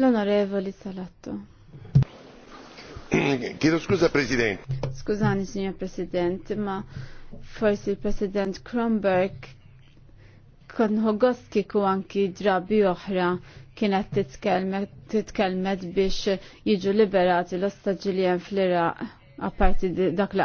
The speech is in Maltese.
Lonorevoli onorevoli Salatto. Chiedo scusa Presidente. Scusami, signor Presidente, ma forsi il President Kronberg kon ħogost kiku anki drabi oħra kienet titkelmet biex jiġu liberati l-ostaġiljen fl-Iraq apparti dak